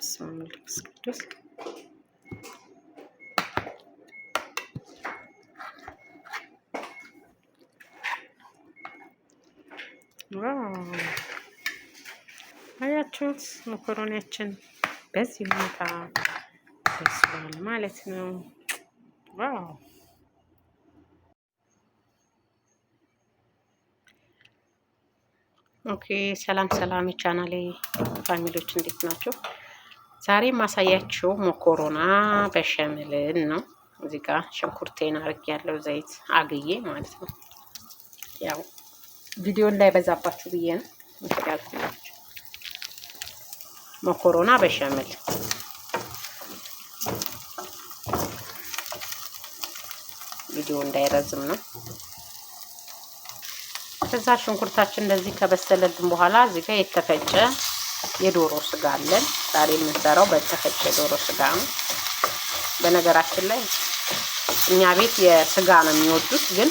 በስመ ቅዱስ አያችሁት? መኮረኒያችን በዚህ ሁኔታ ደስዋል ማለት ነው። ዋው ኦኬ። ሰላም ሰላም፣ የቻናሌ ፋሚሊዎች እንዴት ናቸው? ዛሬ ማሳያችሁ መኮሮና በሸምልን ነው። እዚህ ጋ ሽንኩርቴን አርግ ያለው ዘይት አግዬ ማለት ነው። ያው ቪዲዮ እንዳይበዛባችሁ ብዬ ነው ያልኩላችሁ። መኮሮና በሸምል ቪዲዮ እንዳይረዝም ነው። ከዛ ሽንኩርታችን እንደዚህ ከበሰለልን በኋላ እዚህ ጋር የተፈጨ የዶሮ ስጋ አለን። ዛሬ የምንሰራው በተፈጨ የዶሮ ስጋ ነው። በነገራችን ላይ እኛ ቤት የስጋ ነው የሚወዱት፣ ግን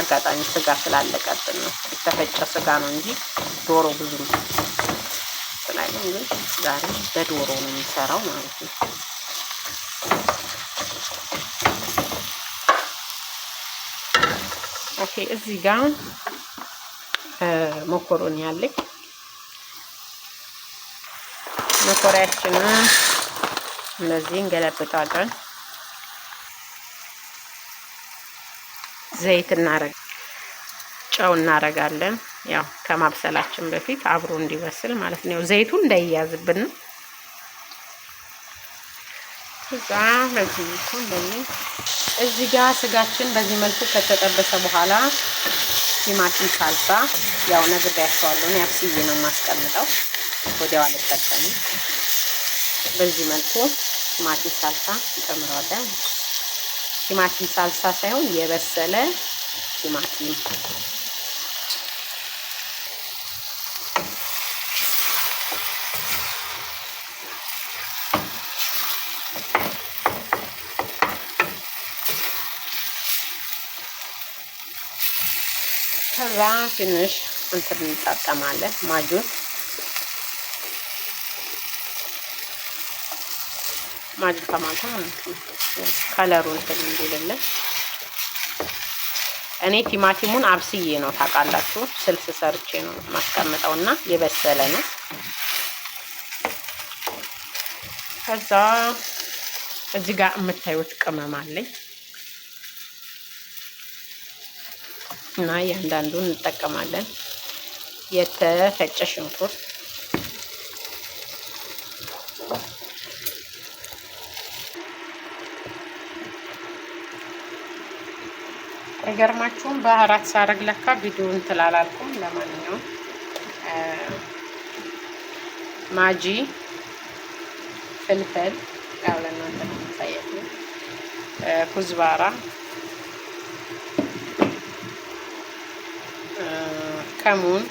አጋጣሚ ስጋ ስላለቀብን ነው የተፈጨ ስጋ ነው እንጂ ዶሮ ብዙ ስላለን፣ ግን ዛሬ በዶሮ ነው የሚሰራው ማለት ነው። ኦኬ እዚህ ጋር መኮሮኒ አለች። መኮሪያችንን እንደዚህ እንገለብጣለን። ዘይት እናረግ ጨው እናረጋለን። ያው ከማብሰላችን በፊት አብሮ እንዲበስል ማለት ነው። ዘይቱ እንዳይያዝብን እዛ በዚህ እዚህ ጋር ስጋችን በዚህ መልኩ ከተጠበሰ በኋላ ቲማቲም ሳልሳ ያው ነግሬያቸዋለሁ። ያብስዬ ነው የማስቀምጠው። ወዲያው አልጠቀምም። በዚህ መልኩ ቲማቲም ሳልሳ ጨምረዋለን። ቲማቲም ሳልሳ ሳይሆን የበሰለ ቲማቲም ከዛ ትንሽ እንትን እንጠቀማለን ማጁን ማለት ነው። ከለሩ እንትን እንዲልልን እኔ ቲማቲሙን አብስዬ ነው ታውቃላችሁ፣ ስልስ ሰርቼ ነው ማስቀምጠው እና የበሰለ ነው። ከዛ እዚህ ጋር የምታዩት ቅመም አለኝ እና እያንዳንዱን እንጠቀማለን የተፈጨ ሽንኩርት አይገርማችሁም? ባህራት ሳረግ ለካ ቪዲዮን እንትን ለማንኛውም ማጂ ፍልፍል ያው ለእናንተ ነው የምታያችሁ። ኩዝባራ ከሙን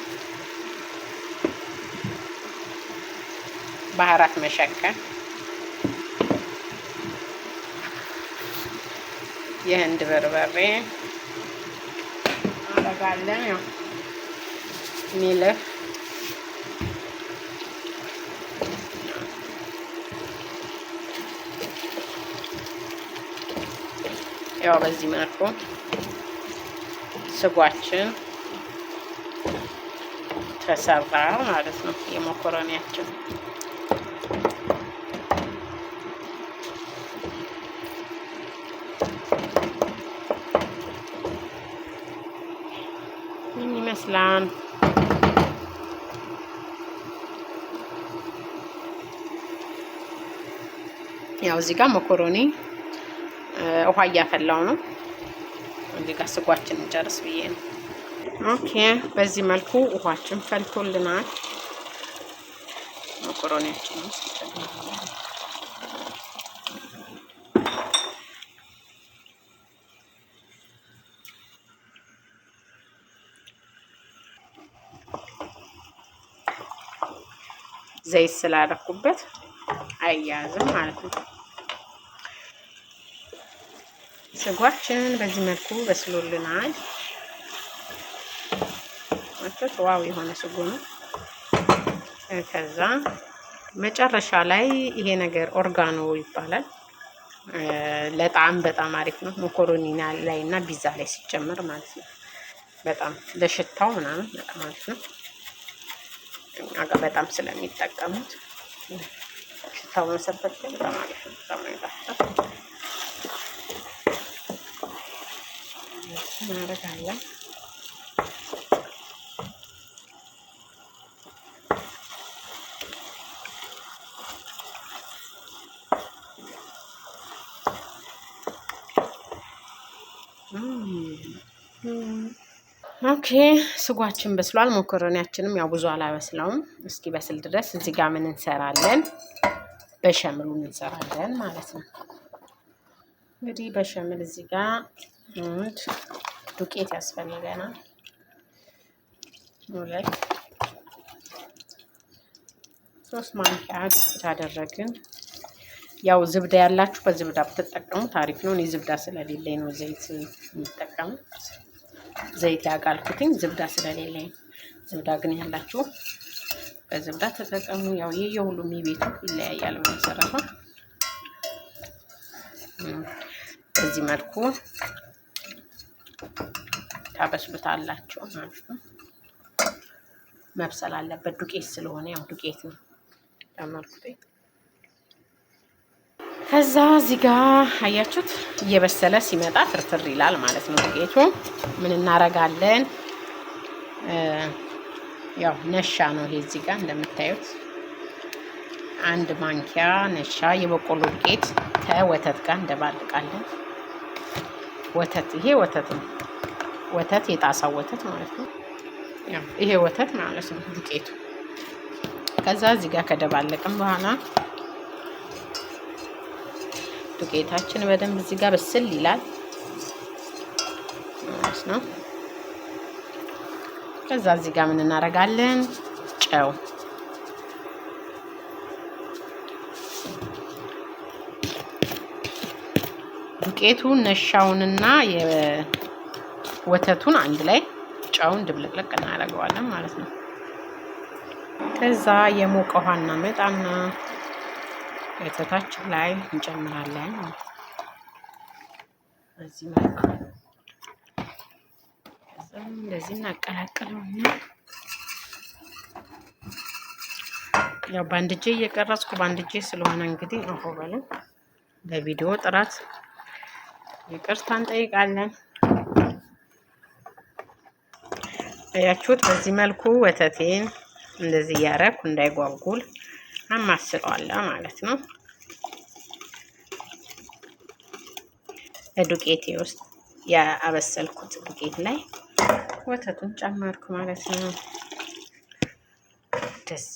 ባህራት መሸከም የህንድ በርበሬ እንሰራለን። ያው ሚልህ ያው በዚህ መልኩ ስጓችን ተሰራ ማለት ነው የመኮረኒያችን ይመስላል። ያው እዚህ ጋር መኮሮኒ ውሃ እያፈላው ነው። እዚህ ጋር ስጓችን እንጨርስ ብዬ ነው። ኦኬ፣ በዚህ መልኩ ውሃችን ፈልቶልናል። መኮሮኒያችን ዘይት ስላደረኩበት አያያዝም ማለት ነው። ስጓችንን በዚህ መልኩ በስሎልናል። ማቸት ዋው የሆነ ስጎ ነው። ከዛ መጨረሻ ላይ ይሄ ነገር ኦርጋኖ ይባላል። ለጣዕም በጣም አሪፍ ነው። መኮሮኒ ላይ እና ቢዛ ላይ ሲጨመር ማለት ነው። በጣም ለሽታው ምናምን በጣም አሪፍ ነው። እኛ ጋር በጣም ስለሚጠቀሙት ሽታው ሰበት ግን በጣም አሪፍ በጣም ነው ይጣፍጣል። እናደርጋለን ስጓችን በስሏል። ሞኮረኒያችንም ያው ብዙ አላበስለውም። እስኪ በስል ድረስ እዚህ ጋር ምን እንሰራለን? በሸምሉ እንሰራለን ማለት ነው። እንግዲህ በሸምል እዚህ ጋር አንድ ዱቄት ያስፈልገናል። ሁለት ሶስት ማንኪያ ዱቄት አደረግን። ያው ዝብዳ ያላችሁ በዝብዳ ብትጠቀሙ ታሪፍ ነው። እኔ ዝብዳ ስለሌለኝ ነው ዘይት የምጠቀሙ። ዘይት ያጋልኩትኝ ዝብዳ ስለሌለኝ፣ ዝብዳ ግን ያላችሁ በዝብዳ ተጠቀሙ። ያው ይህ ሁሉም የቤቱ ይለያያል በመሰረቱ። በዚህ መልኩ ታበስሉታላችሁ መብሰል አለበት ዱቄት ስለሆነ ያው ዱቄት ነው ያመልኩትኝ። ከዛ እዚህ ጋር አያችሁት እየበሰለ ሲመጣ ፍርፍር ይላል ማለት ነው። ጌቱ ምን እናረጋለን? ያው ነሻ ነው ይሄ እዚህ ጋር እንደምታዩት አንድ ማንኪያ ነሻ የበቆሎ ዱቄት ከወተት ጋር እንደባልቃለን። ወተት ይሄ ወተት ነው። ወተት የጣሳ ወተት ማለት ነው። ይሄ ወተት ማለት ነው ዱቄቱ። ከዛ እዚህ ጋር ከደባለቅም በኋላ ዱቄታችን በደንብ እዚህ ጋር ብስል ይላል ማለት ነው። ከዛ እዚህ ጋር ምን እናደርጋለን? ጨው ዱቄቱ ነሻውንና የወተቱን አንድ ላይ ጨውን ድብልቅልቅ እናደርገዋለን ማለት ነው። ከዛ የሞቀ ውሃ እናመጣና ከታች ላይ እንጨምራለን ማለት በዚህ መልኩ እንደዚህ እናቀላቅለውና ያው በአንድ እጄ እየቀረጽኩ በአንድ እጄ ስለሆነ እንግዲህ አሁ በለ ለቪዲዮ ጥራት ይቅርታ እንጠይቃለን። አያችሁት? በዚህ መልኩ ወተቴን እንደዚህ እያረኩ እንዳይጓጉል አማስለዋለሁ ማለት ነው። በዱቄቴ ውስጥ ያበሰልኩት ዱቄት ላይ ወተቱን ጨመርኩ ማለት ነው። ደስ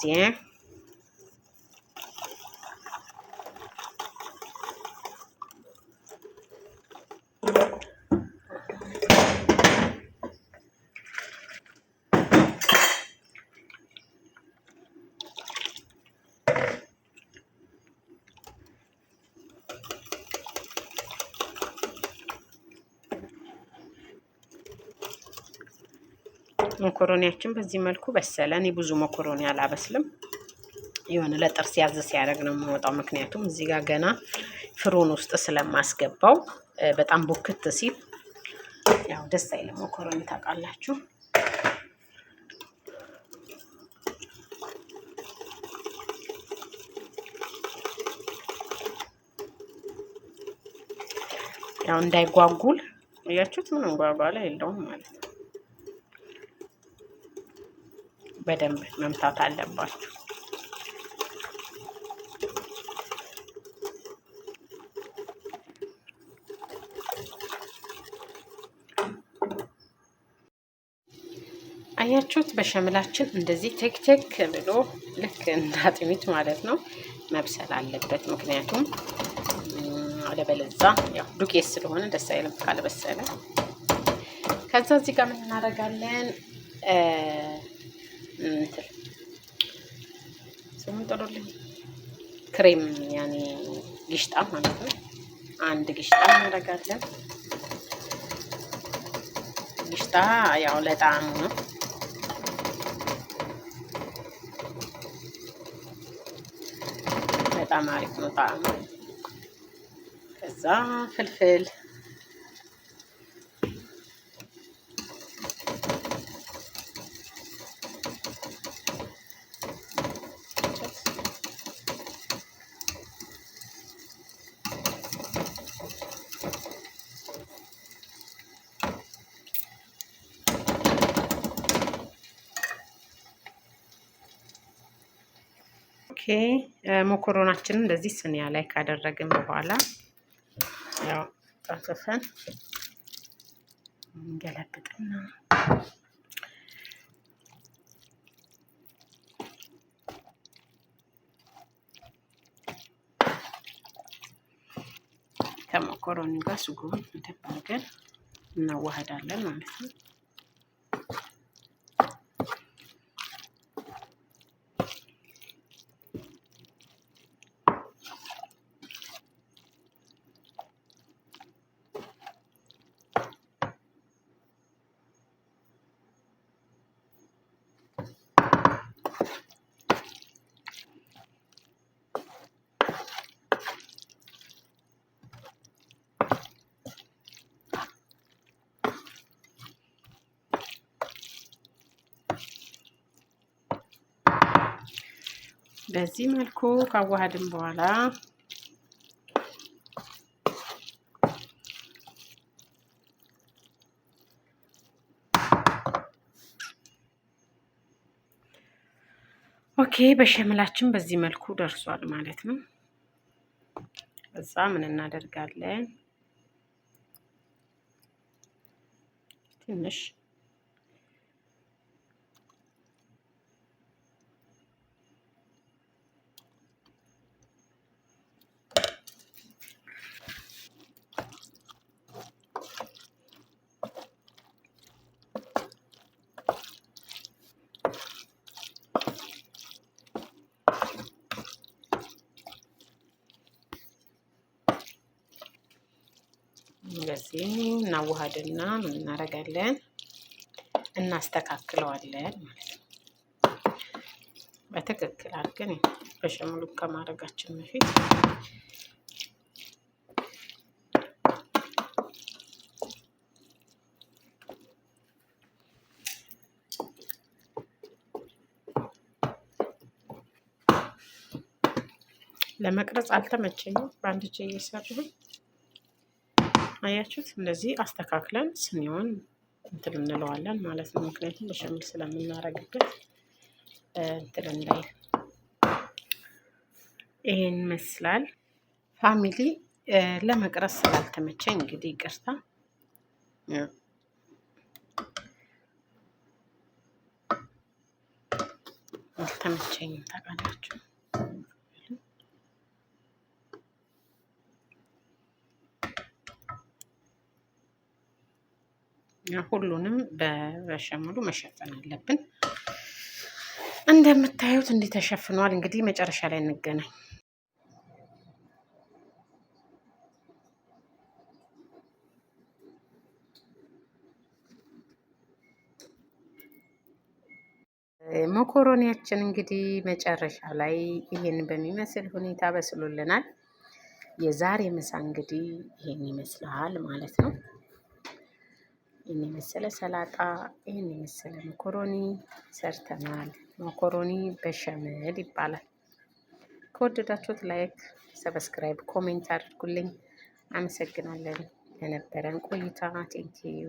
መኮሮኒያችን በዚህ መልኩ በሰለ። እኔ ብዙ መኮሮኒ አላበስልም፣ የሆነ ለጥርስ ያዝ ሲያደርግ ነው የማወጣው። ምክንያቱም እዚህ ጋር ገና ፍሩን ውስጥ ስለማስገባው በጣም ቡክት ሲል ያው ደስ አይልም። መኮሮኒ ታውቃላችሁ። ያው እንዳይጓጉል እያችሁት ምንም ጓጓላ የለውም ማለት ነው። በደንብ መምታት አለባችሁ። አያችሁት? በሸምላችን እንደዚህ ቴክቴክ ብሎ ልክ እንዳጥሚት ማለት ነው መብሰል አለበት። ምክንያቱም አለበለዛ ያው ዱቄት ስለሆነ ደስ አይልም ካልበሰለ። ከዛ እዚህ ጋር ምን እናደርጋለን? እንትን ስሙን ጥሩልኝ ክሬም ያኔ ግሽጣ ማለት ነው። አንድ ግሽጣ እናደርጋለን። ግሽጣ ያው ለጣዕሙ ነው። በጣም አሪፍ ነው ጣዕሙ። ከዛ ፍልፍል ሞኮሮናችንን እንደዚህ ስኒያ ላይ ካደረግን በኋላ ያው ጠፍፈን እንገለብጥና ከመኮሮኒ ጋር ስጎን እንደባገር እናዋህዳለን ማለት ነው። በዚህ መልኩ ካዋሃድን በኋላ ኦኬ በሸምላችን በዚህ መልኩ ደርሷል ማለት ነው። እዛ ምን እናደርጋለን ትንሽ እንደዚህ እናዋሃድና ምን እናደርጋለን? እናስተካክለዋለን ማለት ነው። በትክክል አድርገን በሸሙሉ ከማድረጋችን በፊት ለመቅረጽ አልተመቸኝም። በአንድ እጄ እየሰራሁኝ አያችሁት? እንደዚህ አስተካክለን ስኒውን እንትን እንለዋለን ማለት ነው። ምክንያቱም በሸምል ስለምናረግበት እንትን እንዳይ ይህን ይመስላል ፋሚሊ። ለመቅረጽ ስላልተመቸ እንግዲህ ይቅርታ። አልተመቸኝም ታውቃላችሁ። ሁሉንም በሸምሉ መሸፈን አለብን። እንደምታዩት እንዲህ ተሸፍኗል። እንግዲህ መጨረሻ ላይ እንገናኝ። መኮሮኒያችን እንግዲህ መጨረሻ ላይ ይህን በሚመስል ሁኔታ በስሎልናል። የዛሬ ምሳ እንግዲህ ይህን ይመስላል ማለት ነው። ይህን የመሰለ ሰላጣ፣ ይህን የመሰለ መኮሮኒ ሰርተናል። መኮሮኒ በሸመል ይባላል። ከወደዳችሁት ላይክ፣ ሰብስክራይብ፣ ኮሜንት አድርጉልኝ። አመሰግናለን ለነበረን ቆይታ ቴንኪዩ።